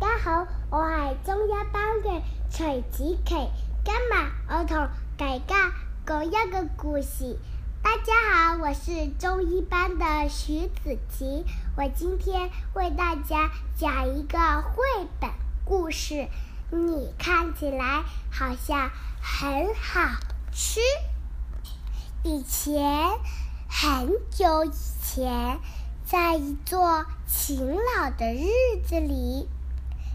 大家好，我係中一班嘅徐梓淇，今日我同大家講一個故事。大家好，我是中一班的徐梓淇，我今天為大家講一個繪本故事。你看起來好像很好吃。以前，很久以前，在一座晴朗的日子裏。